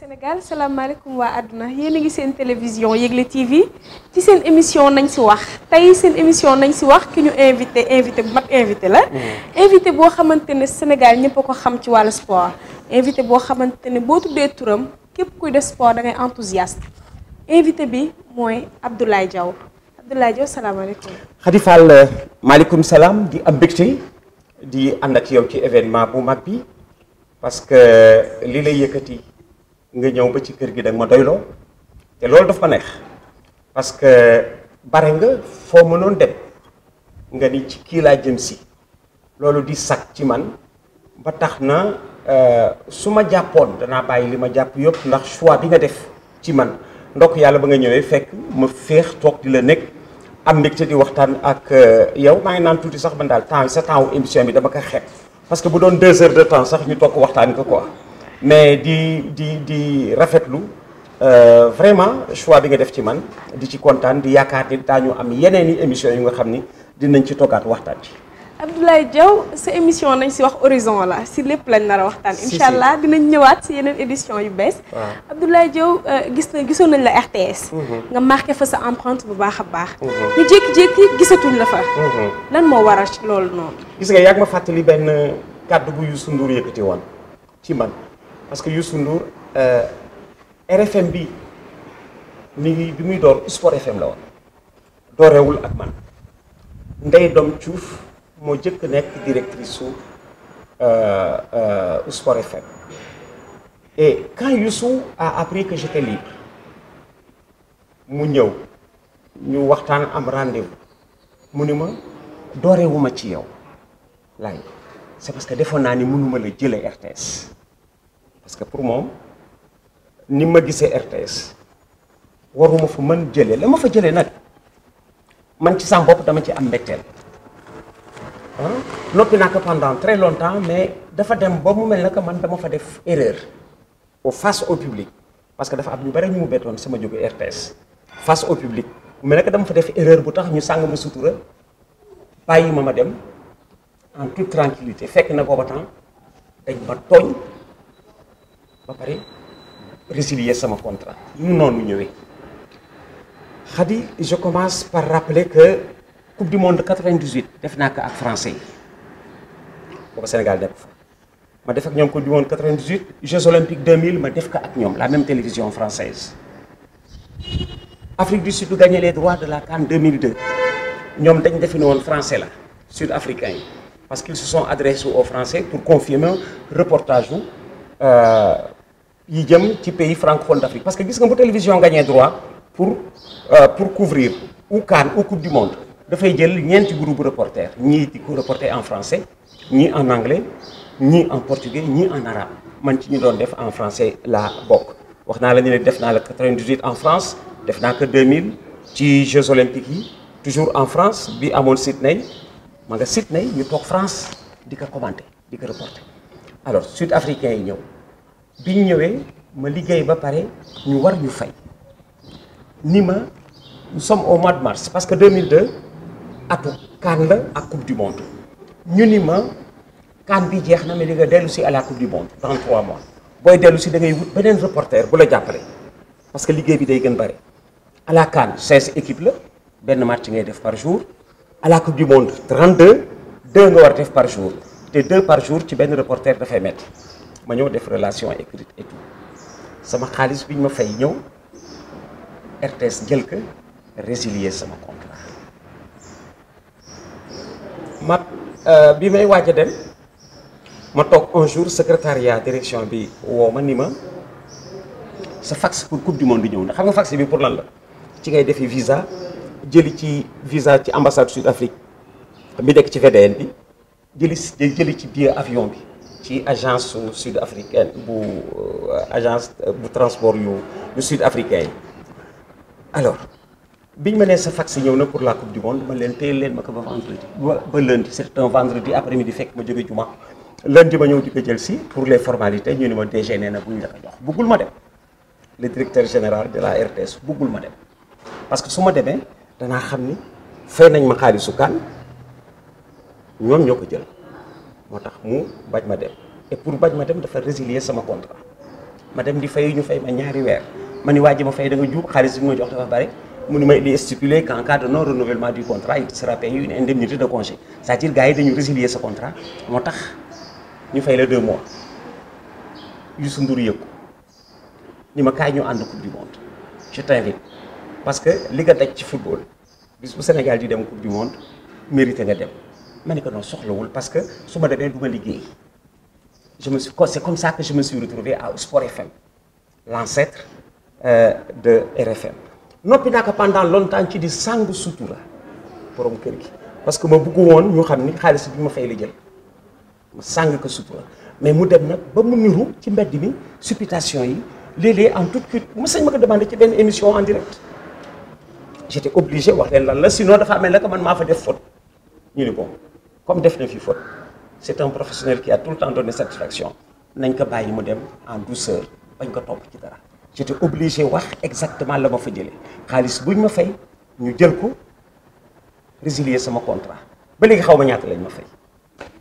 Sénégal salam waa wa yéen a ngi seen télévision Yegle TV ci seen émission nañ ci wax Tay seen émission nañ ci wax ki ñu invité invité bu invité la. Mm. invité boo xamante Sénégal ñëpp ko xam ci wàllu sport. invité boo xamante ne boo tuddee turam képp kuy def sport da ngay enthousiaste invité bi mooy Abdoulaye Diaw Abdoulaye Diaw salam Khady Fall euh, maaleykum salaam di am mbégte di ànd ak yow ci événement bu mag bi parce que euh, li lay yëkkati. nga ñew ba ci kër gi dag ma doylo té lool dafa neex parce que bare nga fo mënon dem nga ni ci ki la jëm ci loolu di sag ci man ba taxna euh suma jappone dana bayyi lima japp yop ndax choix bi nga def ci man ndok yalla ba nga ñëwee fekk ma feex tok di la nekk am ci di waxtaan ak euh, yow ma ngi nan tuti sax man dal temps sa temps émission bi dama ko xeeb parce que bu doon 2 heures de temps sax ñu tok waxtaan ko quoi mais di di di rafetlu euh, vraiment choix bi nga def ci man di ci contane di yaakaar ni daañu am yeneen i émission yu nga xamni ni dinañ ci toggaat waxtaan ci Abdoulaye Diaw sa émission nañ ci wax horizon la si lepp lañ nar a waxtaan incha allah dinañ ñëwaat ci yeneen édition yu bees Abdoulaye Diaw euh, gis na gisoon nañ la RTS mhm. nga marqué fa sa empreinte bu baax a baax ñu jek jek gisatuñ la fa mhm. lan moo waral loolu noonu gis nga yàgg ma fàttali benn kàddu bu yu Ndour yëkkati woon ci man parce que Youssou Ndour euh, RFM bi mi ngi bi muy door Sport FM la woon dooreewul ak man Ndeye Dom Diouf moo jëkk nekk directrice su euh, euh, Sport FM et quand Youssou a appris que j'étais libre mu ñëw ñu waxtaan am rendez-vous mu ni ma doorewuma ci yow laaj c'est parce que defoon naa ni mënuma la jële RTS parce que pour mom ni ma gisee RTS waruma fa man jëlé la ma fa jëlé nak man ci sam bop dama ci am mbetteel hein ah, nopi nak pendant très longtemps mais dafa dem ba mu mel nak man dama fa def erreur au face au public parce que dafa am ñu bari ñu mu bettoon sama jogu RTS face au public mu mel nak dama fa def erreur bu tax ñu sang ma sutura bayima ma dem en toute tranquillité fekk na booba temps dañ ba togn résilier contrat non non Khadi, je commence par rappeler que la coupe du monde 98 def naa français yi le Sénégal Je fa ma def ak coupe du monde 98 Jeux olympiques 2000 ma def ak la même télévision française Afrique du Sud a gagné les droits de la CAN 2002 Nous dañ defi ne français les sud-africain parce qu'ils se sont adressés aux Français pour confirmer le reportage euh, yi jëm ci pays francophone d'Afrique parce que gis nga bu télévision le droit pour euh, pour couvrir ou ou coupe du monde dafay jël un groupe reporter reporters. di de reporter en français ni en anglais ni en portugais ni en arabe man ci def en français la boc. wax naa la ñu def en France def naa que 2000 ci Jeux olympiques toujours en France bi à Sydney ma nga Sydney ñu en France di ko commenter di ko reporter alors sud africain yi ñëw bi ñëwé ma liggéey ba paré ñu war ñu fay nima nous sommes au mois de mars parce que 2002 atu CAN la ak coupe du monde ñu nima kan bi jeex na mais di nga dellu si à la coupe du monde 33 mois boy dellu ci da ngay wut beneen reporter bu la jappalé parce que liggéey bi day gën bëri à la CAN 16 équipes la benn match ngay def par jour à la coupe du monde 32 deux nga war def par jour té deux par jour ci benn reporter da fay metti ma ñëw def relation écrite et tout sama xaalis bi ma fay ñëw RTS jël ko résilier sama contrat ma euh, bi may waaj a dem ma toog un jour secrétariat direction bi woo ma ni ma sa fax pour coupe du monde bi ñëw ndax xam nga fax bi pour lan la ci ngay defi visa jëli ci visa ci ambassade Sud Afrique bi nekk ci VDN bi jëli jëli ci billet avion bi ci agence su sud africaine bu euh, agence euh, bu transport yu sud africain alors biñ ma nee sa vaccin ñëw na pour la coupe du monde ma leen téye leen ma ko ba vendredi ba lundi c'est un vendredi après midi fekk ma jóge juma lundi ma ñëw di ko jël pour les formalités ñu ne ma DG nee na buñ la ko jox buggul ma dem le directeur général de la RTS buggul ma dem parce que su ma demee danaa xam ni fay nañ ma xaalisu kan ñoom ñoo moo tax mu bañ ma dem et pour bañ ma dem dafa résilier sama contrat ma dem di fay ñu fay ma ñaari weer ma ni waa ji ma fay da nga xaalis bi ma jox dafa bare mu ni ma il est stipulé qu'en cas de non renouvellement du contrat il sera payé une indemnité de congé c'est-à-dire gars yi dañu résilier sa contrat moo tax ñu fay la deux mois Youssou Ndour yëg ko ma kaay ñu ànd coupe du monde je t'invite parce que li nga daj ci football bis bu Sénégal di dem coupe du monde mérité nga dem ma ne ko non soxlawul parce que su ma demee du je me suis c'est comme ça que je me suis retrouvé à Sport FM l'ancêtre euh, de RFM noppi naa pendant longtemps ci di sangu soutoura pour kër gi parce que ma bëggu woon ñu xam ni xaalis bi ma fay la sang ma sàng mais mu dem nag ba mu niru ci mbedd mi supputation yi léeg en toute cuite mu sañ ma ko demandé ci une émission en direct j'étais obligé de voir lan la sinon dafa amee la ko man maa fa def faute ñu ni bon comme def na fi c'est un professionnel qui a tout le temps donné satisfaction nañ ko bàyyi mu dem en douceur bañ ko topp ci dara j'étais obligé wax exactement le ma fa jëlee xaalis buñ ma fay ñu jël ko résilier sama contrat ba léegi xaw ma ñaata lañ ma fay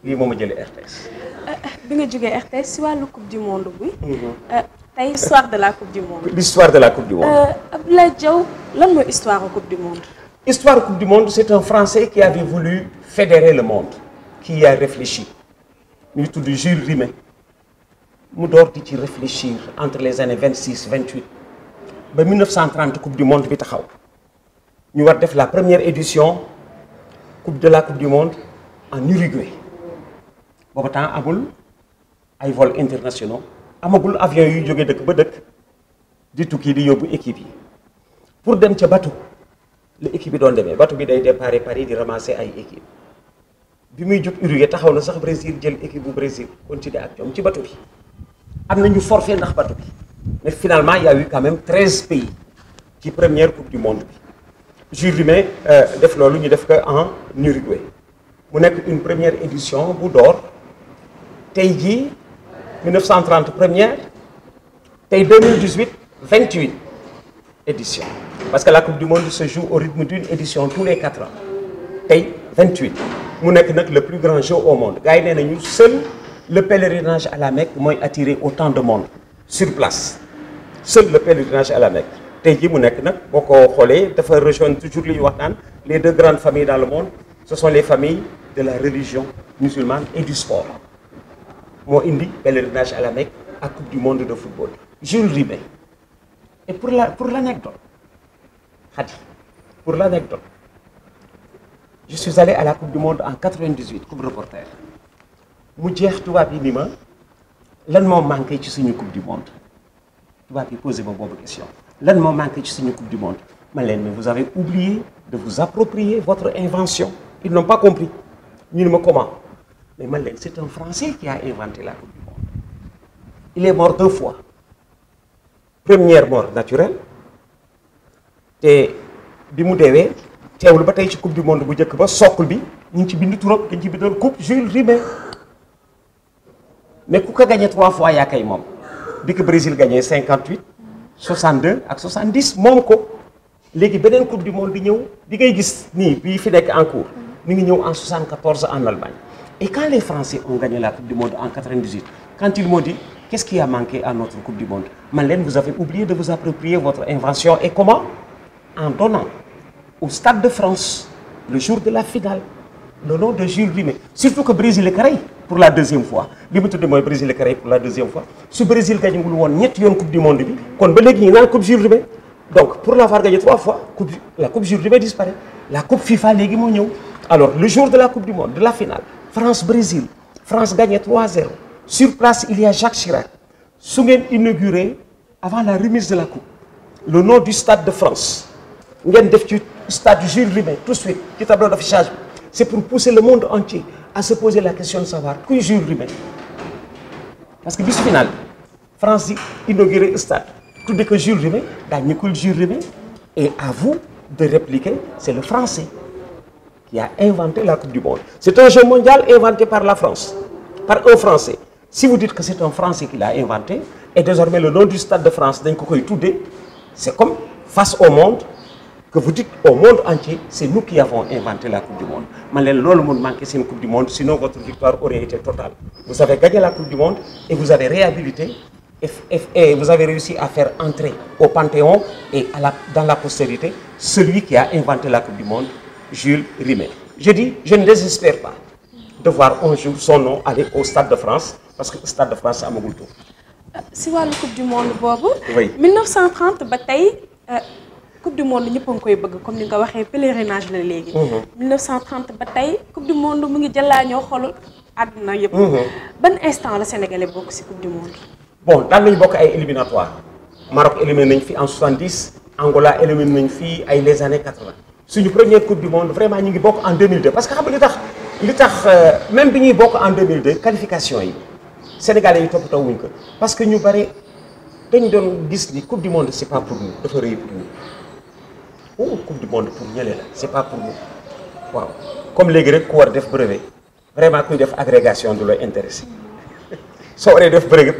lii moo ma jëlee RTS. Euh, euh, bi nga jógee RTS si la coupe du monde bi. Mhm. Euh, tey histoire de la coupe du monde. l'histoire de la coupe du monde. Abdoulaye Diaw lan mooy histoire coupe du monde. histoire coupe du monde c'est un français qui avait voulu fédérer le monde qui a réfléchi Tout du Jules Rimet mu devons ci réfléchir entre les années 26-28. Mais 1930 coupe du monde bi taxaw ñu la première édition de la coupe du monde en Uruguay Nous temps amul ay vols internationaux amagul avion yuy jóge dëkk ba de di tukki di équipe pour dem le bateau l'équipe est doon bateau Paris di ramasser ay bi muy Uruguay taxaw na sax Brésil jël équipe du Brésil continuer ak ñoom ci bateau bi am na forfait mais finalement il y a eu quand même 13 pays qui première coupe du monde bi Jules Rimet euh, def loolu ñu en Uruguay mu nekk une première édition bu door 1930 première tey 2018 28 édition parce que la coupe du monde se joue au rythme d'une édition tous les quatre ans tey 28 mu le plus grand jeu au monde seul le pèlerinage à la Mecque m'a attiré autant de monde sur place seul le pèlerinage à la Mecque toujours les deux grandes familles dans le monde ce sont les familles de la religion musulmane et du sport Moi, indi pèlerinage à la Mecque à coupe du monde de football Jules Rimet et pour la pour l'anecdote pour l'anecdote je suis allé à la coupe du monde en 98 coupe reporter Tu vois, vas bien ni ma lan moo manqué ci suñu coupe du monde vois, vas poser ma bonne question lan manqué ci suñu coupe du monde Malène, mais vous avez oublié de vous approprier votre invention ils n'ont pas compris ñu ne comment mais Malène, c'est un français qui a inventé la coupe du monde il est mort deux fois première mort naturelle Et bi téwul ba la coupe du monde bu le ba socle bi ñu ci bindu turop dañ ci Jules Rimet mais ku a gagné trois fois à kay mom bi Le Brésil gagné 58 62 ak 70 y ko légui la coupe du monde bi ñëw en cours en 74 en Allemagne et quand les Français ont gagné la coupe du monde en 98 quand ils m'ont dit qu'est-ce qui a manqué à notre coupe du monde Malène vous avez oublié de vous approprier votre invention et comment en donnant au Stade de France, le jour de la finale, le nom de Jules Rimet. Surtout que Brésil est carré pour la deuxième fois. li de moi, Brésil est carré pour la deuxième fois Sur Brésil gagné wul woon ñetti une coupe du monde bi kon ba léegi la coupe Jules Rimet donc pour l'avoir gagné trois fois la coupe Jules Rimet disparaît la coupe FIFA les alors le jour de la coupe du monde de la finale France Brésil France gagne 3-0 sur place il y a Jacques Chirac Sous inauguré avant la remise de la coupe le nom du stade de France Vous def ci stade Jules Rimet tout de suite est tableau d'affichage c'est pour pousser le monde entier à se poser la question de savoir qui Jules Rimet parce que au final France inaugurer le stade dès que Jules Rimet Jules Rimet et à vous de répliquer c'est le français qui a inventé la coupe du monde c'est un jeu mondial inventé par la France par un français si vous dites que c'est un français qui l'a inventé et désormais le nom du stade de France d'un c'est comme face au monde que vous dites au monde entier, c'est nous qui avons inventé la Coupe du Monde. Malgré le monde manquait, c'est une Coupe du Monde, sinon votre victoire aurait été totale. Vous avez gagné la Coupe du Monde et vous avez réhabilité et, vous avez réussi à faire entrer au Panthéon et à dans la postérité celui qui a inventé la Coupe du Monde, Jules Rimet. Je dis, je ne désespère pas de voir un jour son nom aller au Stade de France, parce que le Stade de France euh, Si vous avez la Coupe du Monde, Bobo. Oui. 1930, bataille coupe du monde nous ngi koy bëgg comme ni nga waxé pèlerinage la légui 1930 mmh. ba coupe du monde mu ngi jëlaa ñoo xolu aduna yëpp. Mmh. ban instant la sénégalais bokk ci coupe du monde. bon daan le bokk ay Le Maroc éliminé nañ fi en 70 Angola éliminé nañ fi ay les années 80 suñu première coupe du monde vraiment ñu ngi en 2002 parce que xam nga tax li tax euh, même bi ñuy en 2002 qualification yi sénégalais yi toppatoo wuñ ko parce que ñu bare dañ doon gis ni coupe du monde n'est pas pour nous pour nous. Oh, coupe du monde pour ñële la C'est pas pour nous Wow. comme les Grecs ku war def brevet vraiment kuy def agrégation de la intéressé soo waree def brevet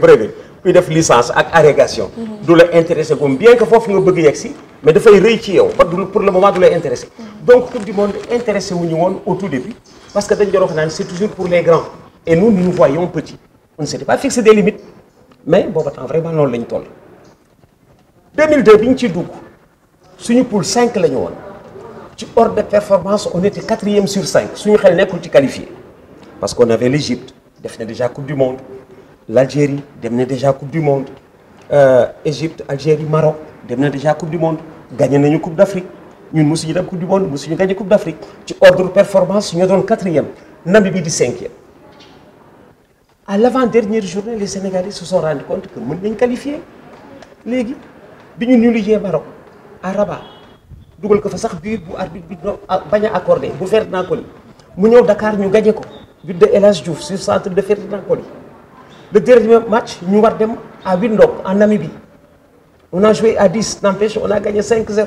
kuy def licence avec agrégation mhm. de la intéressé comme bien que foofu nga bëgg yegg si mais de faire ci yow pour le moment de la intéressé mhm. donc coupe du monde intéressé ñu au tout début parce que dañ doon wax c'est toujours pour les grands et nous nous voyons petits..! on ne s'était pas fixé des limites mais bon.. t'en vraiment non la 2022 toll 2002 suñu poule cinq la ñu woon ci ordre de performance on était 4e sur 5 suñu xel nekul qualifié parce qu'on avait l'Égypte qui na déjà coupe du monde l'Algérie qui déjà coupe du monde euh, Égypte Algérie Maroc qui déjà coupe du monde gagné nañu coupe d'Afrique ñun gagné la coupe du monde ñu gagné coupe d'Afrique ci ordre de performance ñu 4 quatrième Namibie di 5e à l'avant-dernière journée les Sénégalais se sont rendus compte que mën nañ qualifier légui biñu ñu nuliyee Maroc à Rabat le ko fa sax but bu arbitre bi bañ été accordé bu Ferdinand mu Dakar nous gañe ko but de El Diouf sur centre de Ferdinand Coly le dernier match nous war dem à Windhoek en Namibie on a joué à 10 n'empêche on a gagné 5-0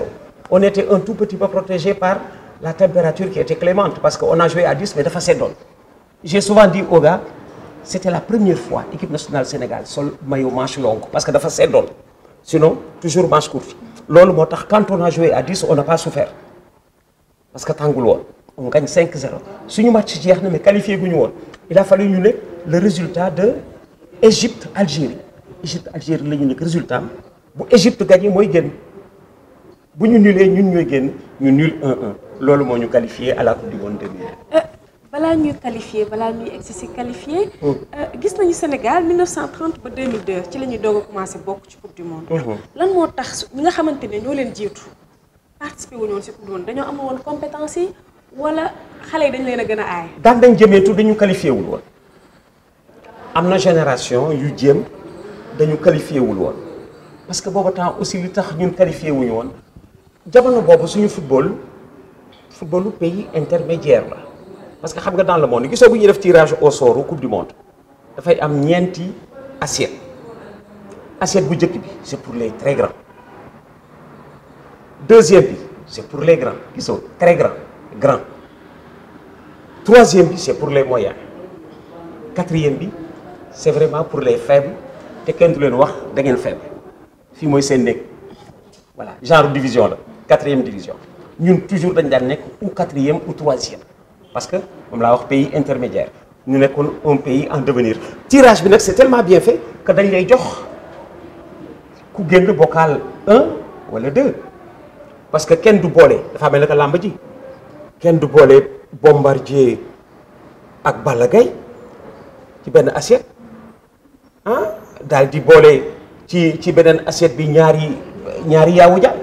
on était un tout petit peu protégé par la température qui était clémente parce que on a joué à 10 mais dafa seddoon j'ai souvent dit aux gars c'était la première fois équipe nationale Sénégal seul maillot manche longue parce que dafa seddoon sinon toujours manche courte lolu motax quand on a joué à 10 on n'a pas souffert parce que tàngul on gagne 5-0 suñu match jeex mais qualifié guñu won il a fallu ñu le résultat de Égypte Algérie Égypte Algérie la ñu résultat bu Égypte gagné moy genn bu ñu ñun ñoy genn ñu nul 1-1 lolu mo ñu qualifié à la Coupe du Monde balaa ñuy qualifié balaa ñuy oh. euh, Sénégal 1930 ba 2002 ci dogo commencé coupe du monde. Oh, oh. lan mo tax nga participer coupe du monde compétence wala nous dañ dañ dañu qualifier génération yu parce que booba temps aussi li tax ñun woon suñu football footballu pays intermédiaire parce que dans le monde si vous avez un tirage au sort au coupe du monde il am a assiette assiette bu C'est pour les très grands deuxième c'est pour les grands qui sont très grands grands troisième c'est pour les moyens quatrième c'est vraiment pour les faibles Quelqu'un de du leen wax da faible Si vous êtes voilà genre de division quatrième division sommes toujours dans le ou quatrième ou troisième parce que nous sommes pays intermédiaire. Nous sommes un pays en devenir. Le tirage, c'est tellement bien fait que nous avons dit que le bocal 1 ou 2. Parce que quelqu'un ne bolé, bolé bombardier et qui est une assiette. Hein? Ah, Dans bolé, qui est une assiette une assiette. Il y a une assiette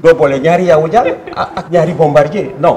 qui est une Il une assiette qui est une Non.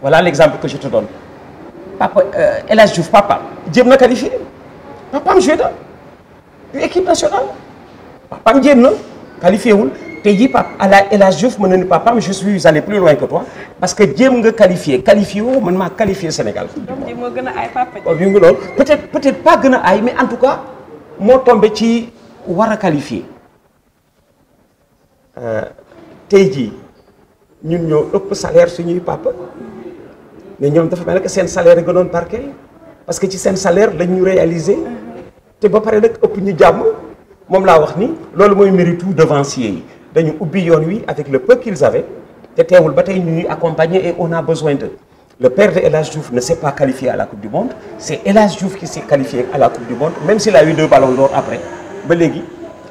Voilà l'exemple que je te donne. Papa, euh, Elas Diouf, papa, Djem n'a qualifié. Papa me joué dans l'équipe nationale. Papa me Djem qualifié. Tu dis, papa, Elas Diouf, mon papa, je suis allé plus loin que toi. Parce que Djem n'a qualifié. Qualifié, je m'a qualifié Sénégal. Donc, Djem n'a papa. Oh, peut-être peut pas Gana mais en tout cas, moi, tombé qui wara qualifié. Euh, T'es dit, nous avons un salaire sur nous, papa mais ñoom dafa mel ne que seen salaire nga doon parquet parce que ci seen salaire lañ ñu réaliser te ba pare nag ëpp ñu jàmm moom laa wax ni loolu mooy mérite devancier yi dañu ubbi yoon wi avec le peu qu'ils avaient te teewul ba tey ñu ñuy accompagner et on a besoin d'eux le père de El ne s'est pas qualifié à la Coupe du Monde c'est El Jouf qui s'est qualifié à la Coupe du Monde même s'il a eu deux ballons d'or après ba léegi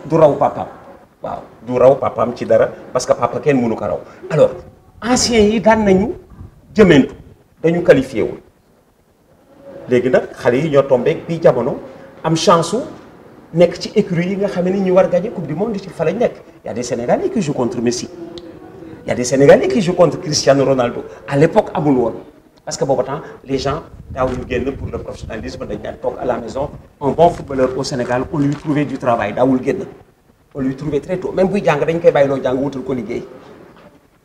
du raw papaam waaw du raw papaam ci dara parce que papa kenn mënu ko raw alors anciens yi daan nañu jëmeentu dañu qualifié wul léegi nag xale yi ñoo tombé bii am chance su nekk ci la yi nga xam ñu war gagner coupe du monde Il y a des sénégalais qui jouent contre Messi Il y a des sénégalais qui jouent contre Cristiano Ronaldo à l'époque amul woon parce que pourtant, les gens ils ont pour le professionnalisme Ils ont à la maison un bon footballeur au Sénégal on lui trouvait du travail on lui trouvait très tôt même buy jàng dañ koy bàyyi loo jàng wutal ko liggéey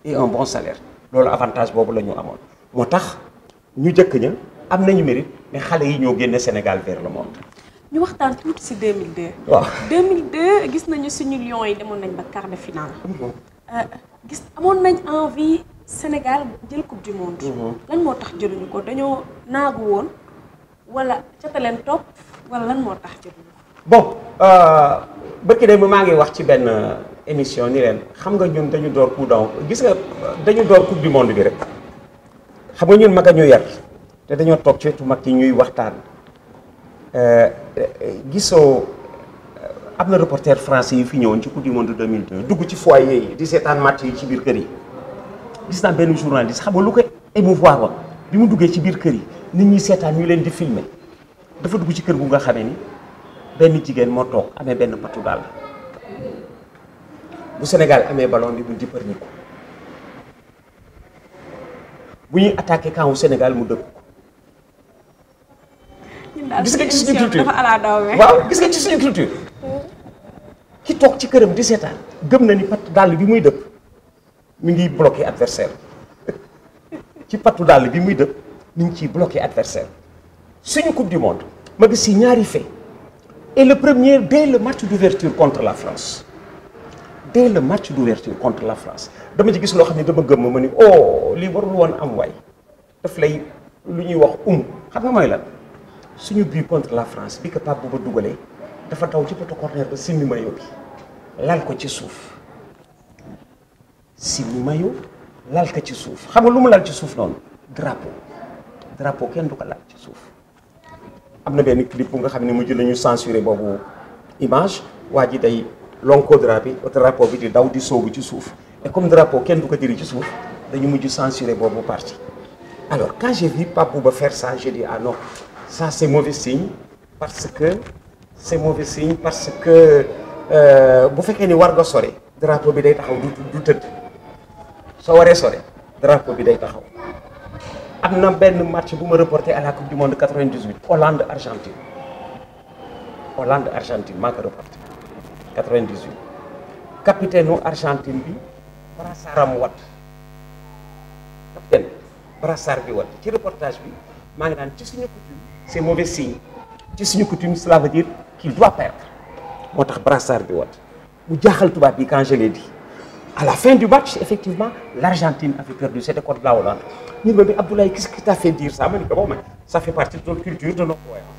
et un bon salaire C'est l'avantage que nous avons. ñu jëkk ña am nañu mérite mais xale yi ñoo génne Sénégal vers le monde. ñu waxtaan tuuti ci 2002. waaw 2002 gis nañu suñu Lions yi demoon nañ ba quart de finale. Mm-hmm. Euh, gis amoon nañ envie Sénégal jël coupe du monde. Mm-hmm. lan moo tax jëluñu ko dañoo naagu woon wala ca leen topp wala lan moo tax jëluñu ko. bon euh, bëkki de maa ngi wax ci benn euh, émission ni leen xam nga ñun dañu door coup d'envoi gis nga dañu door coupe du monde bi rek. xam nga ñun mag ñu yar té dañu tok ci tu mak yi ñuy waxtaan euh, gisoo am na reporter français yu fi ñewon ci coup du monde 2002 dugg ci foyer yi di seetaan match yi ci biir kër yi gis na ben journaliste xam nga lu ko émouvoir wa bi mu duggé ci biir kër yi nit ñi seetaan ñu leen di filmer dafa dugg ci kër gu nga xamé ni ben jigen mo tok amé ben patu bu Sénégal amé ballon bi bu jëpparñi bu attaqué camp au Sénégal mu dëpp. gis nga ci suñu culture waaw gis nga ci suñu culture. ki tok ci kërëm di gëm na ni pat dal bi muy dëpp mi ngi bloqué adversaire ci patu dal bi muy dëpp ni adversaire suñu coupe du monde ma gis ñaari fait et le premier dès le match d'ouverture contre la France dès le match d'ouverture contre la France dama ci gis loo xam ne dama gëm ma ni oh lii warul woon am waay daf lay lu ñuy wax um xam nga mooy lan suñu but contre la France bi que Pape Bouba dugalee dafa daw ci poto corner ba simmi mayo lal ko ci suuf simmi mayo lal ci suuf xam nga lu ma lal ci suuf noonu drapeau drapeau kenn du ko lal ci suuf am na benn clip bu nga xam ne mu jël nañu censuré boobu image waa ji day lonko drapeau on drapeau bi di daw di soobu ci et comme drapeau kenn du ko diri ci suuf dañu mujj parti alors quand j'ai vu Pape faire ça j'ai dit ah non ça c'est mauvais signe parce que c'est mauvais signe parce que euh, bu fekkee ni war soirée, sore drapeau bi day taxaw du du tëdd soo waree sore drapeau bi day taxaw a Un match qui me reporté à la coupe du monde 98 Hollande Argentine Hollande Argentine maa ko reporté 98 capitaine u Argentine bi brassardam wadd capitaine brassard bi wadd ci reportage bi maa ngi naan ci suñu coutume c'est mauvais signe ci suñu coutume cela veut dire qu'il doit perdre moo tax brassard bi wadd mu jaaxal tubaab bi quand je l'ai dit à la fin du match effectivement l'Argentine avait perdu c'était quoi la Hollande ñu ne mais Abdoulaye qu'est-ce tu as fait dire ça ça fait partie de notre culture de notre voyage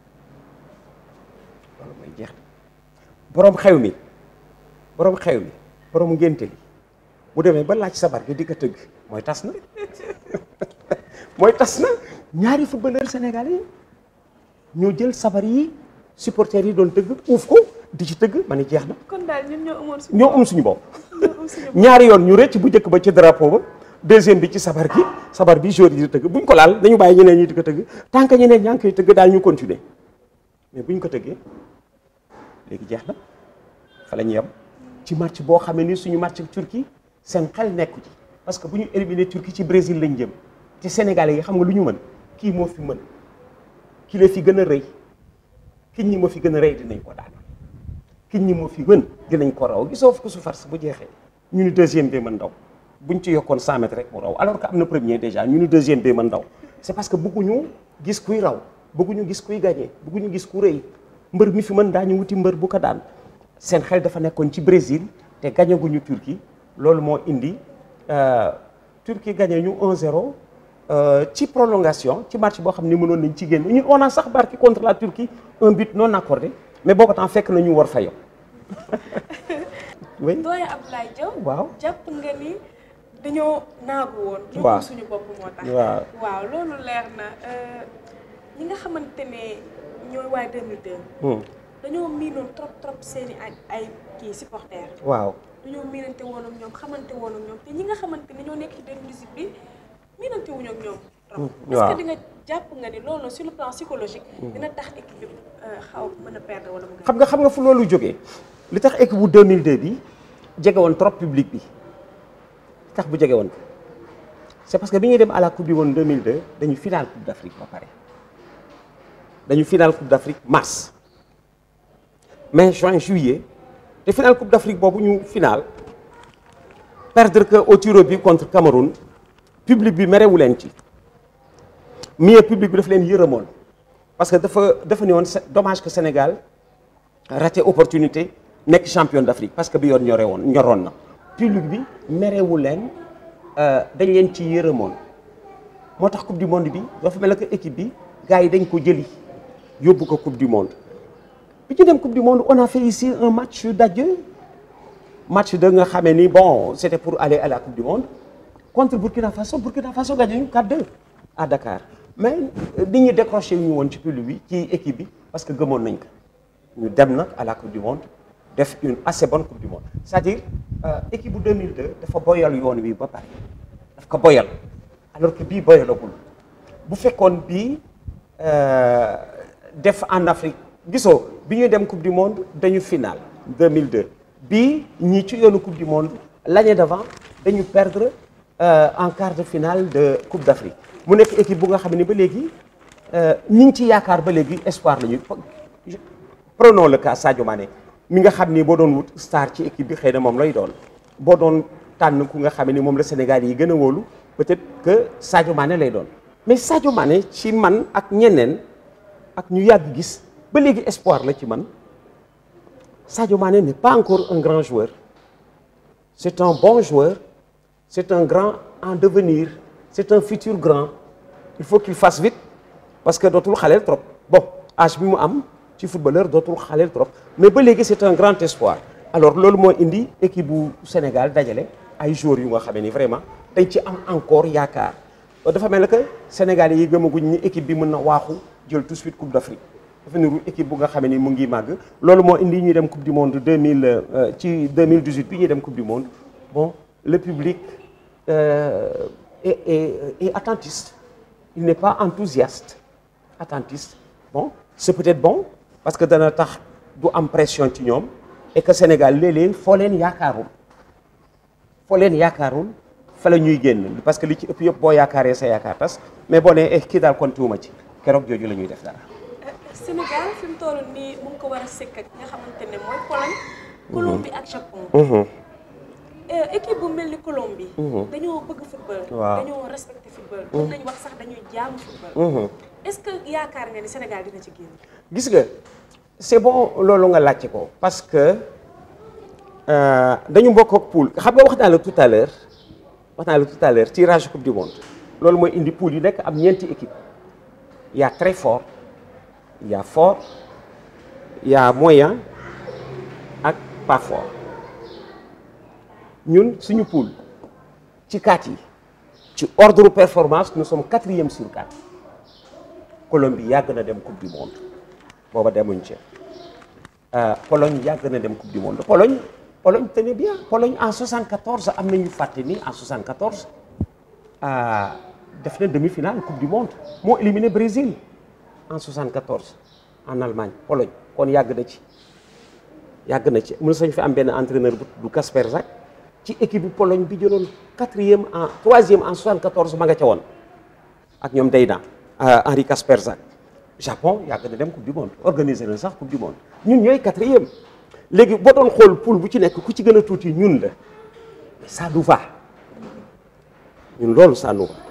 loolu mooy jeex borom xew mi boroom xew mi borom ngénte li bu demee ba laaj sabar gi di ko tëgg mooy tas na mooy tas na ñaari footballeur Sénégal yi ñoo jël sabar yi supporters yi doon tëgg uuf ko di ci tëgg ma ne jeex na. kon daal ñun ñoo amoon suñu ñoo am suñu bopp. ñaari yoon ñu rëcc bu njëkk ba ci drapeau ba deuxième bi ci sabar gi sabar bi joueur yi di tëgg buñ ko laal dañu bàyyi ñeneen ñi di ko tëgg tant que ñeneen ñaa ngi koy tëgg daal ñu continuer mais buñ ko tëggee. léegi jeex na fa la ñu yem ci match boo xamee ni suñu match Turquie seen xel nekku ci parce que bu ñu éliminé turki ci Brésil lañ jëm ci Sénégalais yi xam nga lu ñu mën kii moo fi mën ki la fi gën a rëy kiñ ñi moo fi gën a rëy dinañ ko daan kiñ ñi moo fi mën dinañ ko raw gisoo ko su farce bu jeexee ñu ni deuxième bee mën ndaw buñ ci yokkoon 100 mètres rek mu raw alors que am na premier déjà ñu ni deuxième bee mën ndaw c'est parce que bëgguñu gis kuy raw gis kuy gis ku mbër mi fi mën daañu wuti mbër bu ko daan seen xel dafa nekkoon ci Brésil te gañaguñu Turquie loolu moo indi euh, Turquie gagné ñu 1-0 euh, ci prolongation ci match boo xam ne mënoon nañ ci génn ñu on a sax marqué contre la Turquie un but non accordé mais boobu temps fekk na ñu war fa yow. oui doyen Abdoulaye Diop. waaw jàpp nga ni dañoo naagu woon. waaw suñu bopp moo tax. waaw loolu leer na euh, ñi nga xamante ne. ñooy waa 2002. Hmm. dañoo miinoon trop trop seeni ak ay kii supporters. waaw dañoo miinante woon ak ñoom xamante woon ak ñoom te ñi nga xamante ne ñoo nekk ci dëkk musique bi miinante wuñu ak ñoom. Hmm. waaw est que di nga nga ni loolu sur le plan psychologique. Hmm. dina tax équipe bi euh, xaw mën a perdre wala mu. xam nga xam nga fu loolu jógee li tax équipe 2002 bi jege woon trop public bi tax bu jege woon c'est parce que bi dem à la coupe du monde 2002 dañu final coupe d'Afrique ba pare. dañu final coupe d'Afrique, mars mai juin juillet la final coupe d'Afrique, afrique nous ñu final perdre que au tiro contre Cameroun public bi merewu ou ci mieux public bi daf remonte, parce que dafa dafa dommage que Sénégal raté opportunité nekk champion d'Afrique, parce que bi yoon ñore woon ñoroon na public bi ou leen euh, dañ leen ci yërëmoon moo tax coupe du monde bi dafa mel ne que équipe bi gars yi dañ ko jëli beaucoup ko coupe du monde bi ci dem coupe du monde on a fait ici un match d'adieu match de nga ni bon c'était pour aller à la coupe du monde contre Burkina Faso Burkina Faso gagné 4-2 à Dakar mais euh, nit ñi décroché ñu won ci public bi ci équipe bi parce que nous nañ ko dem à la coupe du monde def une assez bonne coupe du monde c'est-à-dire euh, équipe de 2002 dafa boyal yoon wi ba pare daf ko boyal alors que bii boyalagul bu bi euh, def en Afrique Gisso, biñu coupe du monde dañu finale 2002 Bi ñi ci coupe du monde l'année d'avant dañu perdre euh, en quart de finale de coupe d'Afrique mu nek équipe bu nga xamni ba tu euh ñi ci yaakar ba espoir la prenons le cas Sadio Mané mi nga xamni bo wut star ci équipe bi mom lay doon Bo doon ku nga peut-être que Sadio Mané lay doon mais Sadio Mané ci man ak ak ñu yag gis ba légui espoir la ci man Sadio Mané n'est pas encore un grand joueur c'est un bon joueur c'est un grand en devenir c'est un futur grand il faut qu'il fasse vite parce que dotul khalel trop bon âge bi mu am ci footballeur dotul khalel trop mais ba légui c'est un grand espoir alors l'olmo mo indi équipe du Sénégal dajalé ay joueurs yu nga xamé ni vraiment dañ ci am encore yaakaar dafa mel que Sénégalais yi gëmaguñ ni équipe bi mëna waxu jël tout de suite Coupe d'Afrique dafa niru équipe bu nga xam ni mu ngi màgg loolu moo indi ñuy dem Coupe du Monde deux mille euh, ci deux mille ñuy dem Coupe du Monde bon le public euh, est, est, euh, est attentiste il n'est pas enthousiaste attentiste bon c'est peut-être bon parce que dana tax du am pression ci ñoom et que Sénégal léeg-léeg foo leen yaakaarul foo leen yaakaarul fa la ñuy génn parce que li ci ëpp yëpp boo yaakaaree sa yaakaar tas mais boo nee eh, kii daal kontiwuma ci keroog jooju la ñuy def dara. Sénégal fi toll nii mu ngi ko war a sëkk ak nga xamante ne mooy Pologne. Mhm. Colombie ak Japon. Mhm. Euh, équipe bu mel ni Colombie. Mhm. dañoo bëgg football. dañoo respecté football. mën wax sax dañuy jaamu football. est-ce que yaakaar nga ni Sénégal dina ci génn. gis nga c'est bon loolu nga laajte ko parce que euh, dañu mbokk ak xam nga wax naa la tout à l'heure la tout tirage coupe du monde loolu mooy indi poul yi nekk am ñeenti équipe. Il y a très fort, il y a fort, il y a moyen et pas fort nous suñu poule ci quatre ci performance nous sommes quatrième sur quatre Colombie y na dem coupe du monde booba demuñ ci euh, Pologne a na dem coupe du monde Pologne Pologne tenait bien Pologne en 74 a mené en 74 def demi-finale coupe du monde a éliminé Brésil en 74 en Allemagne Pologne kon yàgg na ci yàgg na ci mën sañ fi am benn entraîneur bu du Kasper Zak ci équipe bu Pologne a jëloon quatrième en troisième en 74 Avec nga ca woon euh, Henri Kasper Zak Japon a na dem coupe du monde organiser na sax coupe du monde Nous sommes quatrième léegi boo doon xool poule bu ci nekk ku ci gën a ñun la mais ça nous va ñun loolu ça nous va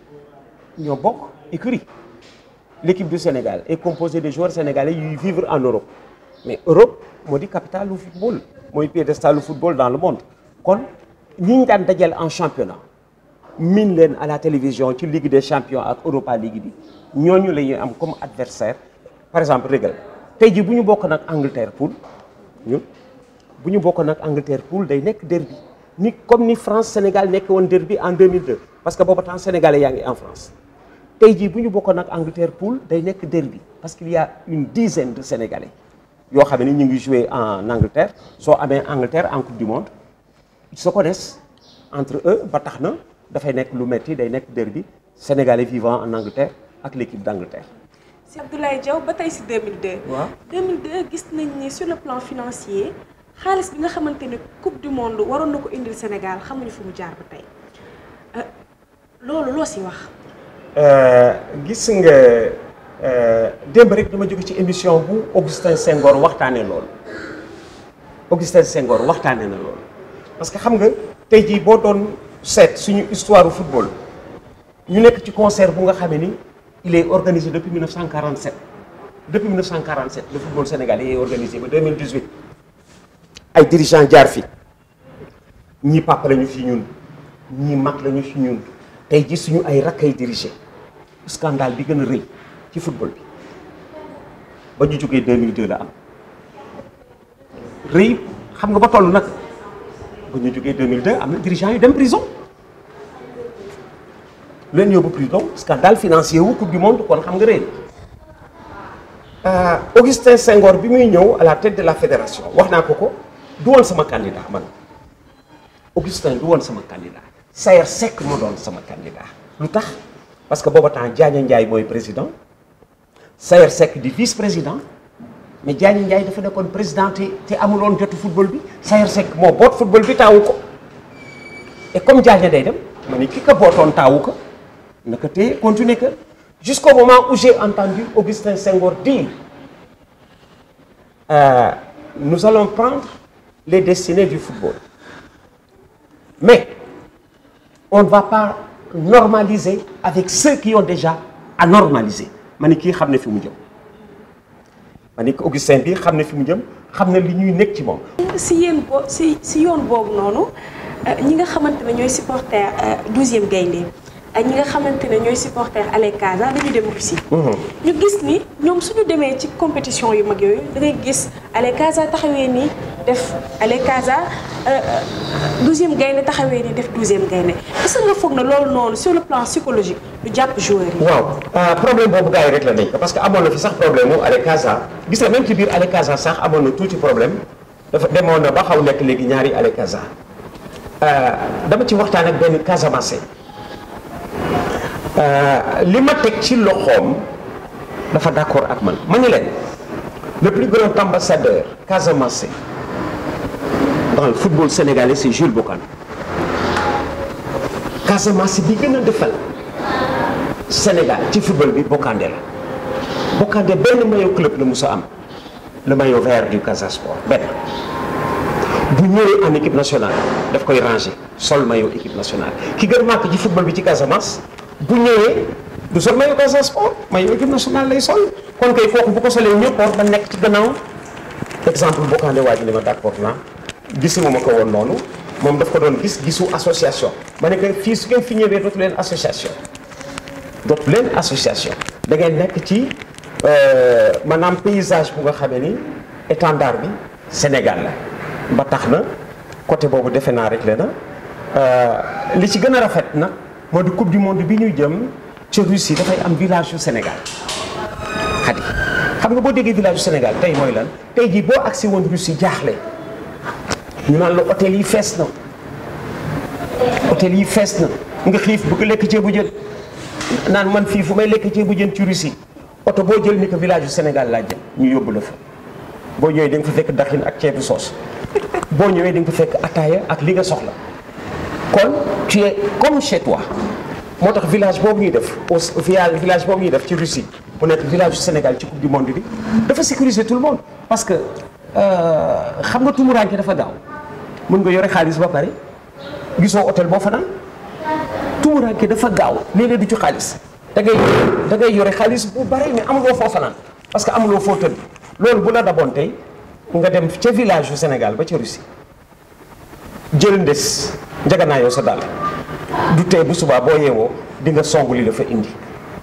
bokk l'équipe du Sénégal est composée de joueurs sénégalais qui vivent en Europe mais l'Europe est la capitale du football la piédestal du football dans le monde kon nous sommes en championnat min leen à la télévision ci Ligue des champions ak Europa League bi ñooñu comme adversaire par exemple régal tey jii bu Angleterre poule ñun nous bokk Angleterre poule day nekk derby ni comme ni France Sénégal n'est qu'un derby en 2002 parce que le Sénégal sénégalais est en France tey jii bu ñu bokkoon ak Angleterre day derby parce qu'il y a une dizaine de Sénégalais qui ont joué ñu ngi jouer en Angleterre soit Angleterre en coupe du monde Ils se connaissent entre eux ba tax na dafay nekk lu metti derby Sénégalais vivant en Angleterre avec l'équipe d'Angleterre. si Abdoulaye Diaw ba tey 2002. 2002 gis nañ sur le plan financier xaalis bi nga xamante coupe du monde waron nako ko Sénégal xamuñu fu mu jaar ba tey euh, loolu loo si wax. Euh, gis nga euh, démb rek dama jóge ci émission bu Augustin Senghor waxtaanee loolu Augustin Senghor waxtaanee na loolu parce que xam nga tey jii boo doon seet suñu histoire du football ñu nekk ci concert bu nga xamee ni il e organisé depuis 1947 depuis 1947 le football sénégalais est organisé ba 2018 ay dirigeants jaar fi ñii papa lañu fi ñun ñii mag lañu fi ñun. tey ji suñu ay rakkay diriger scandale bi gëna a ci football bi ba ñu jógee 2002 la am reuy xam nga ba tollu nak ba ñu jógee 2002 am na dirigeant yu dem prison leen yóbbu prison scandale financier wu coupe du monde kon xam nga reuy euh Augustin Senghor bi muy ñëw à la tête de la fédération waxna ko ko du woon sama candidat man Augustin du woon sama candidat Saer Seck mo don sama candidat lu parce que booba temps Diagne Ndiaye mooy président Saer Seck di vice président mais Diagne Ndiaye dafa nekkoon président té amulone jot football bi Saer Seck mo bot football bi taawu ko et comme Diagne day dem ma ne ki ko bootoon taawu ko naka téye continuer que jusqu'au moment où j'ai entendu Augustin Senghor dire euh, nous allons prendre les destinées du football mais on ne va pas normaliser avec ceux qui ont déjà à normaliser ma ni fi mu jëm ma Augustin bi xam fi mu jëm xam li ñuy nekk ci mom. si yeen bo si si yoon boobu noonu euh, ñi nga xamantene ñoy ñooy supporter e euh, gaynde ak ñi nga xamante ne ñooy supporter Allez Casa dañu dem Russie. Mhm. ñu gis ni ñoom suñu demee ci compétition yu mag yooyu da ngay gis Allez Casa taxawee nii def Allez Casa euh, euh, douzième gaynde taxawee nii def douzième gaynde est-ce que nga foog na loolu noonu sur le plan psychologique du jàpp joueur yi. waaw euh, problème boobu gars yi rek la nañ parce que amoon na fi sax problème mu Allez Casa gis nga même ci biir Allez Casa sax amoon na tuuti problème dafa demoon na ba xaw nekk léegi ñaari Allez Casa dama ci waxtaan ak benn Casamance. Euh, li ma teg ci loxoom dafa d'accord ak man ma ni leen le plus grand ambassadeur casamançais dans le football sénégalais c'est Jules Bocandé Casamance bi gën a defal Sénégal ci football bi Bocandé la Bocandé benn maillot club la musa am le maillot vert du Casa Sport benn bu ñëwee en équipe nationale daf koy ranger sol maillot équipe nationale ki gën a màgg ci football bi ci Casamance bu ñëwee du sol maillot Casa Sport maillot équipe nationale lay sol kon kay kooku bu ko solee ñëpp war na nekk ci gannaaw exemple bokkaande waa ji li ma d'accord naa gisuma ko moom daf ko doon gis gisu association ma ne fii su ngeen fi ñëwee dootu leen association dootu leen association da ngeen nekk ci euh, maanaam paysage bu nga xamee ni étendard bi Sénégal la ba tax na côté boobu defe naa rek le na euh, li ci gën a rafet na moo di coupe du monde bi ñuy jëm ci Russie dafay am village yu Sénégal xati xam nga boo déggee village yu Sénégal tey mooy lan tey jii boo agsi woon Russie jaaxle ñu naan la hôtel yi fees na hôtel yi fees na nga xiif bëgg lekk ceebu jën naan man fii fu may lekk ceebu jën ci Russie oto boo jël ni ko village yu Sénégal laa jëm ñu yóbbu la fa boo ñëwee da fu fa fekk daxin ak ceebu soos boo ñëwee da nga fekk ataaya ak li nga soxla kon tu es comme chez toi Moi, village boobu ñuy def au village boobu ñuy def ci Russie mu nekk village Sénégal ci coupe du monde bi dafa sécuriser tout le monde parce que euh, xam nga tumuraanke dafa gars mën nga yore xaalis ba ils gisoo hôtel boo fanaan tumuraanke dafa gaaw léeg-léeg du ci xaalis da ngay da ngay yore xaalis bu bare mais amuloo fort fanaan parce que amuloo foo tëdd loolu bu la daboon on nga dem ca village du Sénégal ba ca Russie jël ndes njaganaayoo sa daal du tey bu subaa boo yeewoo di nga song li dafa indi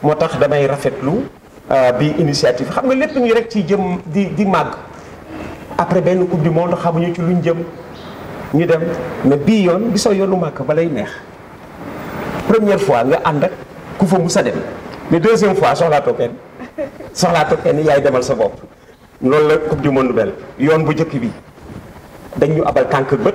moo tax damay rafetlu euh, bi initiative xam nga lépp ngi rek ci jëm di di màgg après benn coupe du monde xamuñu ci luñ jëm ñu dem mais bii yoon soo yoonu màgg ba lay neex première fois nga ànd ak ku fa musa dem mais deuxième fois soxlaatoo kenn soxlaatoo kenn yaay demal sa bopp loolu la coupe du monde bel yoon bu njëkk bi dañ abal tànk bët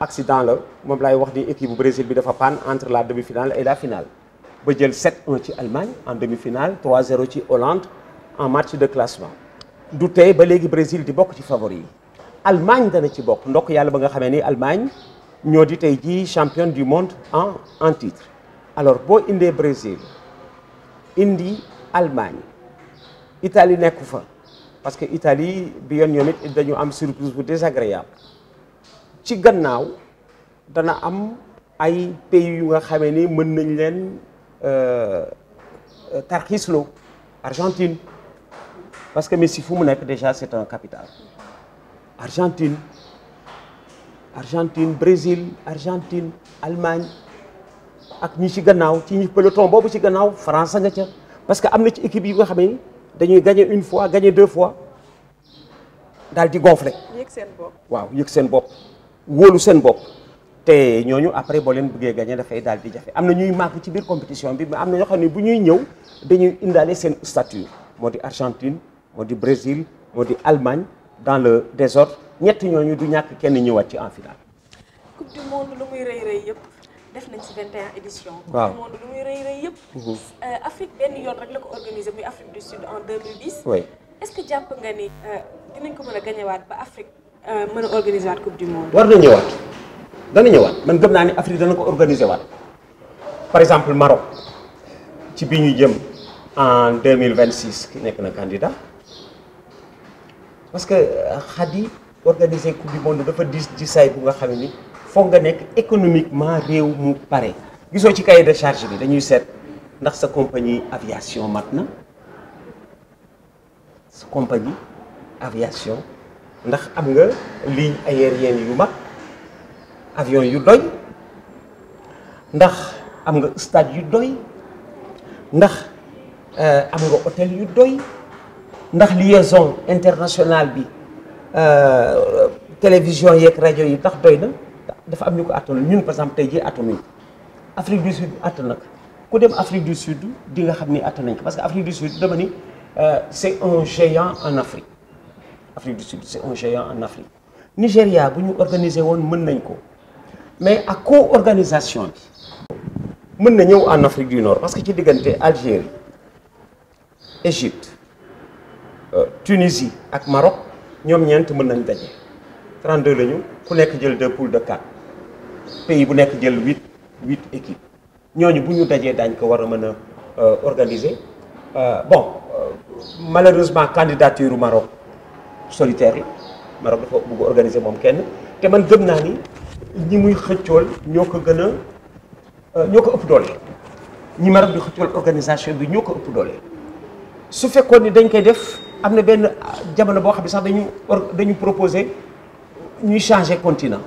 accident là, moom laay wax di équipe Brésil bi dafa panne entre la demi-finale et la finale ba jël 7-1 ci Allemagne en demi-finale 3-0 ci Hollande en match de classement du tey ba légui Brésil di bok ci favori Allemagne dana ci bok ndok yalla ba nga xamé ni Allemagne ñoo di tay ji championne du monde en en titre alors bo indé Brésil indi Allemagne Italie nekku fa parce que Italie bi yon ñomit dañu am surprise bu désagréable ci gannaaw dana am ay pays yu nga xamé ni mën nañ leen euh, tarxiisloo Argentine parce que Messi fu mu nekk déjà c'est un capital Argentine Argentine Brésil Argentine Allemagne ak ñi ci gannaaw ci ñi peloton bobu ci gannaaw France nga ca parce que amna ci équipe yi nga xamé dañuy gagner une fois gagner deux fois dal di gonfler. yek sen bop waaw yek sen bop wóolu seen bopp te ñooñu après boo leen bëggee gagné dafay daal di jafe am na ñuy màgg ci biir compétition bi mais am na xam ne bu ñuy ñëw dañuy indaale seen statut moo di Argentine moo di Brésil moo di Allemagne dans le désordre ñett ñooñu du ñàkk kenn ñëwaat ci en finale. coupe du monde muy rëy rëy yëpp def nañ ci 21 édition waaw coupe du yëpp. Mhm. Euh, Afrique benn yoon rek la ko organisé muy en 2010. Euh, ba Afrique. Euh, mën a organiser waat war na ñëwaat dana ñëwaat man gëm naa ne Afrique dana ko organiser waat par exemple Maroc ci bi ñu jëm en deux mille vingt six ki nekk na candidat parce que euh, Khady organiser coupe du monde dafa dis disaay bu nga xam ni foog nga nekk économiquement réew mu pare. gisoo ci cahier de charge bi dañuy seet ndax sa compagnie aviation mat na sa compagnie aviation. ndax am nga ligne aérienne yu mag avion yu doy ndax am nga stade yu doy ndax euh, am nga hôtel yu doy ndax liaison internationale bi euh, télévision yeeg rajo yi tax doy na dafa am ñu ko àttanul ñun par exemple tey jii àttanuñ Afrique du Sud àttan na ko ku dem Afrique du Sud di nga xam ni àttan nañ ko parce que Afrique du Sud dama ni euh, c'est un géant en Afrique Afrique du Sud c'est un géant en Afrique. Nigeria, si ñu organiser woon nañ ko mais à co-organisation bi mën na en Afrique du Nord parce que ci Algérie Égypte euh, Tunisie ak Maroc ñoom ñeent en nañ daje 32 la ñu ku nekk jël deux poules de 4, pays bu nekk jël 8 8 équipes ñooñu bu ñu dajee ko war a mën a euh, organiser euh, bon malheureusement candidature Maroc solitaire yi Maroc dafa bëgg organiser moom kenn te man gëm naa ni ñi muy xëccool ñoo ko gën a euh, ñoo ko ëpp doole ñi Maroc di xëccool organisation bi ñoo ko ëpp doole su fekkoon ni dañ koy def am na benn ah, jamono boo xam ne sax dañu dañu proposer ñuy changer continent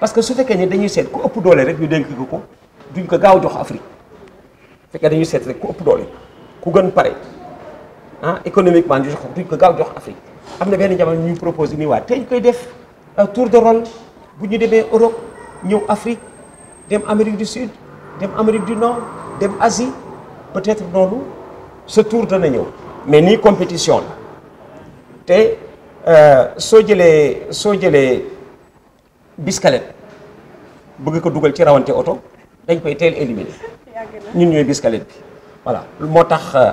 parce que su fekkee ni dañuy seet ku ëpp doole rek ñu dénk ko ko duñ ko gaaw jox Afrique fekkee dañuy seet rek ku ëpp doole ku gën pare ah économiquement ñu jox ko duñ ko gaaw jox Afrique am na benn jamono ñu proposé ni waa tey ñu koy def euh, tour de rôle bu ñu demee Europe ñëw Afrique dem Amérique du Sud dem Amérique du Nord dem Asie peut-être noonu ce tour dana ñëw mais ni compétition la te euh, soo jëlee soo jëlee bicyclette bëgg ko dugal ci rawante oto dañ koy teel éliminer ñun ñooy bicyclette voilà moo euh,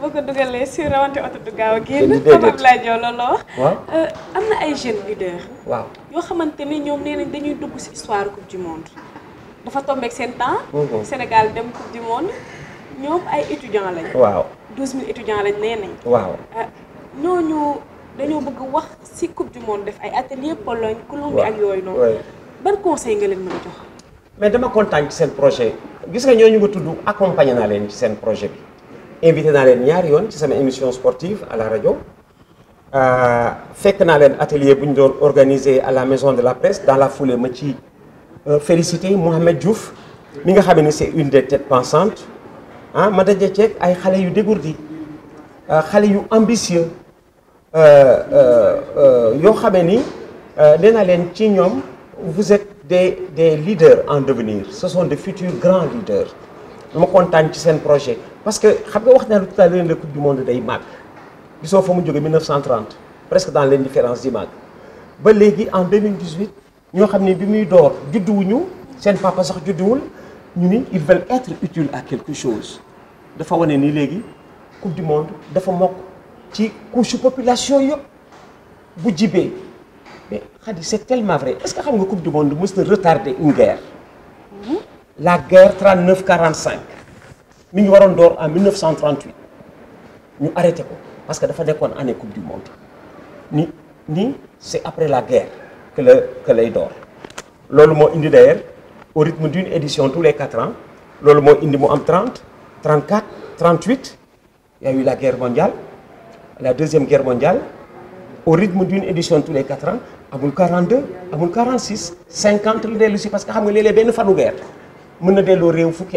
boo ko dugalee si rawante oto du gaaw a génn comme Abdoulaye Diaw loolu wax waaw euh, am na ay jeunes leaders waaw yoo xamante ni ñoom nee nañ dañuy dugg si histoire coupe du monde dafa tombeek seen temps mhm. Sénégal dem coupe du monde ñoom ay étudiants lañ waaw douze mille étudiants lañ nee nañ waaw euh, ñooñu dañoo bëgg wax si coupe du monde def ay atelier Pologne Colombie ak yooyu noonu ban conseil nga leen mën a jox mais dama kontaan ci seen projet gis nga ñooñu nga tudd accompagné naa leen ci seen projet bi invité dans les Niarion, c'est une émission sportive à la radio. Euh, fait que atelier organisé à la maison de la presse dans la foulée Je ci euh, féliciter Mohamed Diouf mi nga c'est une des têtes pensantes ah ma daje ceeg ay xale yu dégourdi euh, ambitieux yo xamee ni euh, vous êtes des leaders en devenir ce sont des futurs grands leaders Je suis content de ce projet parce que xam nga la coupe du monde day mag. Nous en 1930 presque dans l'indifférence différences màgg ba en 2018 nous avons 2000 bi muy d'or, ils veulent être utiles à quelque chose On wane ni la coupe du monde fois, mokk ci couche population de bu mais c'est tellement vrai est-ce que la coupe du monde retarde retarder une guerre mmh. la guerre 39 45 mi ngi waroon en 1938 ñu arrêté ko parce que dafa une année coupe du monde ni ni c'est après la guerre que le que lay d'or. loolu indi d'ailleurs au rythme d'une édition tous les quatre ans loolu moo indi en am 30 34 38 il y a eu la guerre mondiale la deuxième guerre mondiale au rythme d'une édition tous les quatre ans amul 42 amul 46 50 la dellu parce que xam nga léeg-léeg guerre Mon na delloo réew fukki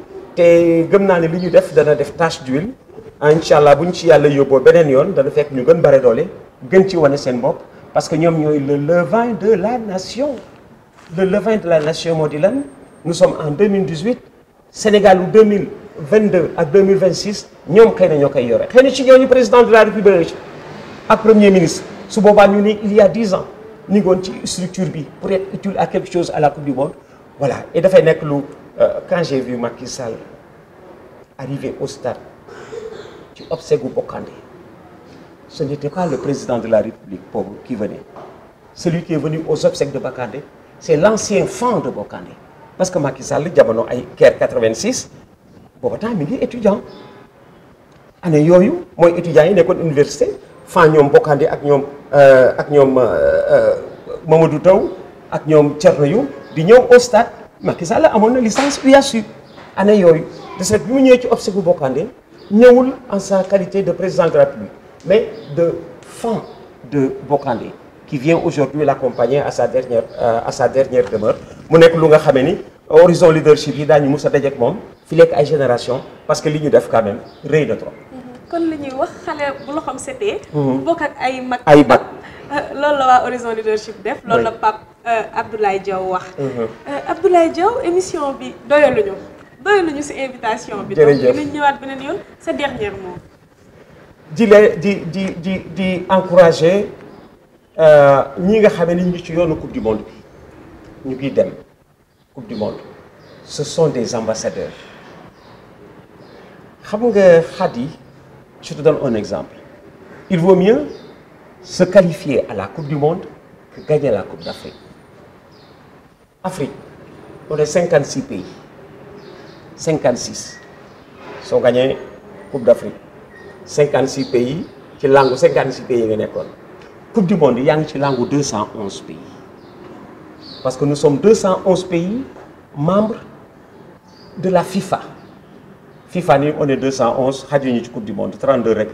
té gëm naa ne li ñu def dana def tache d'huile ah, incha allah bu ci yalla yobbo benen yoon dana fekk ñu gën bare doole gën ci wane seen bopp parce que ñom ñoy le levain de la nation le levain de la nation modilan nous sommes en 2018 Sénégal ou 2022 à 2026 ñom xëy na ñoo yoré, yore xëy na ci ñooñu président de la république ak premier ministre su Boba ñu ne il y a 10 ans ñu gën ci structure bi pour être utile à quelque chose à la coupe du monde voilà et d'ailleurs, quand j'ai vu Macky Sall arriver au stade du obsèque de ce n'était pas le président de la République pauvre qui venait celui qui est venu aux obsèques de Bokandé.. c'est l'ancien fan de Bokandé..! parce que Macky Sall jamono ay guerre 86 il temps étudiant Il yooyu étudiant, étudiant est nekkoon université fan ñoom Bocandé ak ñoom euh, euh, euh, Mamadou Taw ak di ñëw au stade Macky Sall amoon na licence UASU année yoy de cette bimu bi ci obstacle Bokandé ñëwul en sa qualité de président de la République mais de fan de Bokandé qui vient aujourd'hui l'accompagner à sa dernière euh, à sa dernière demeure mu nek lu nga xamé ni horizon leadership yi dañu mus a dajeek moom fi ay génération parce que li ñu def quand même reuy de trop. Mm-hmm. kon li ñuy wax xalé bu loxoom setee. Mm-hmm. bok ak ay mag ay mag. Euh, loolu la waa Horizon Leadership def. loolu la Pape euh, Abdoulaye Diaw wax. Uh-huh. Euh, Abdoulaye Diaw émission bi doyaluñu doyaluñu si invitation bi. jërëjëf donc ñëwaat beneen yoon sa dernier mot. di leen di di di di encourager ñi nga xamee ni ñu ngi ci yoonu coupe du monde bi ñu ngi dem coupe du monde ce sont des ambassadeurs xam nga xat yi je te donne un exemple il vaut mieux se qualifier à la Coupe du Monde que gagner la Coupe d'Afrique. Afrique, on est 56 pays. 56 sont gagnés Coupe d'Afrique. 56 pays, ci langue 56 pays Coupe du Monde il y ci 211 pays. Parce que nous sommes 211 pays membres de la FIFA. FIFA on est 211 Coupe du Monde 32 rek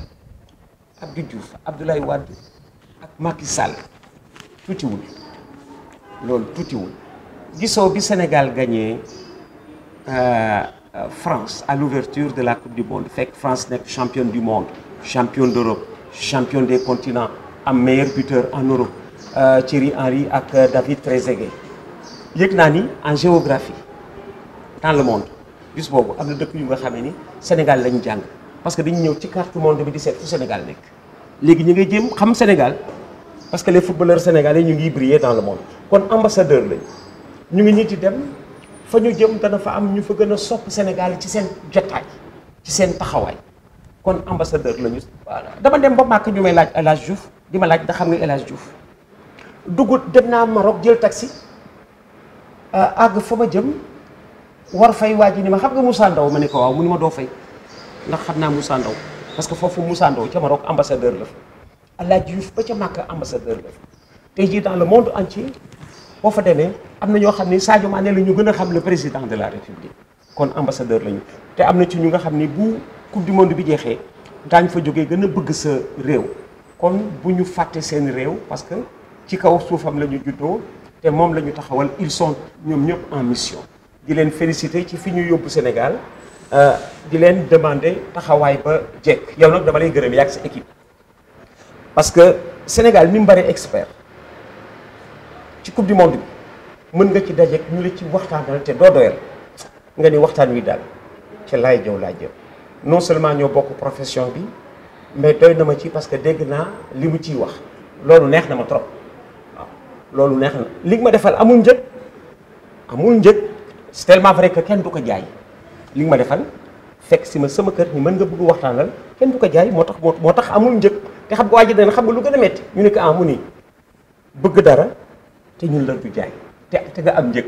Abdou Diouf Abdoulaye Wade et Macky Sall le loolu a gisoo bi Sénégal gagné euh, euh, France à l'ouverture de la coupe du monde que France n'est championne du monde championne d'Europe championne des continents un meilleur buteur en Europe euh, Thierry Henry et David Trezeguet yëg naa en géographie dans le monde bis boobu am na Sénégal parce que dañu ñëw ci carte monde bi di seet fu Sénégal nekk léegi ñu ngi jëm xam Sénégal parce que les footballeurs sénégalais ñu ngi brie dans le monde kon ambassadeur lañ ñu ngi ñi di dem fa ñu jëm dana fa am ñu fa gën a sopp Sénégal ci seen jotaay ci seen taxawaay kon ambassadeur lañu dama dem ba màkk ñu may laaj El Hadj Diouf di ma laaj da xam nga El Hadj Diouf duggut dem naa Maroc jël taxi euh, àgg fa ma jëm war fay waa ji ni ma xam nga Moussa Ndaw ma ne ko waaw ma doo fay ndax xam Moussa Ndaw parce que fofu Moussa Ndaw ci Maroc ambassadeur la Allah Alaaji Diouf ba ci Màkka ambassadeur la fa tey dans le monde entier boo fa demee am na ñoo xam Sadio Mané la ñu gëna xam le président de la République kon ambassadeur lañu te am na ci ñu nga xam bu coupe du monde bi jéxé daañ fa joggé gëna bëgg sa réew kon bu ñu fàtte seen réew parce que ci kaw suufam lañu jutto té mom lañu taxawal ils sont ñom ñëpp en mission di leen féliciter ci fiñu yobbu Sénégal Euh, di leen demande taxawaay ba jekk yow nag dama lay gërëm yaa ak sa équipe parce que Sénégal mi mu bari expert ci coupe du monde bi mën nga ci dajeek ñu la ci waxtaanal te doo doyal nga ni waxtaan wi daal ci lay jëw laay jëw non seulement ñoo bokk profession bi mais doy na ma ci parce que dégg naa li mu ciy wax loolu neex na ma trop waaw loolu neex na li ma defal amul njëg amul njëg c'est tellement vrai que kenn du ko jaay. li ma defal fek sima sama keur ni man nga bëgg waxtanal ken du ko jaay motax motax amul ke te xam ko waji ji dana xam lu gëna metti ñu nek ko ah, ni bëgg dara te ñun la du jaay te te nga am njëg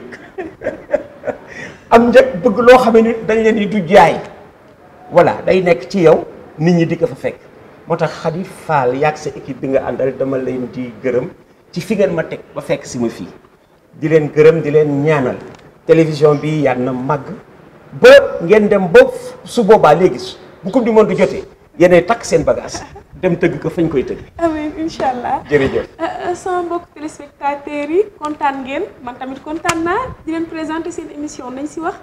am bëgg lo dañ leen di du jaay wala, day nek ci yow nit ñi di ko fa fek motax khadif Fall yak sa équipe bi nga andal dama leen di gërëm ci fi ngeen ma tek ba fek sima fi di leen gërëm di leen ñaanal télévision bi yaana mag ba ngeen dem ba su boobaa léegi bu coupe du monde jotee yene tak sen bagage dem teug ko fagn koy teug amiin inshallah jere jere sama mbokk téléspectateurs yi contane ngeen man tamit contane na di len présenter sen émission nañ ci wax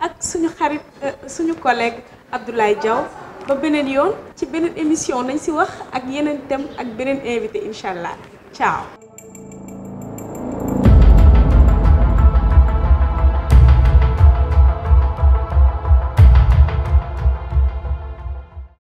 ak suñu xarit euh, suñu collègue Abdoulaye Diaw ba benen yoon ci benen émission nañ ci wax ak yenen tem ak benen invité inshallah ciao.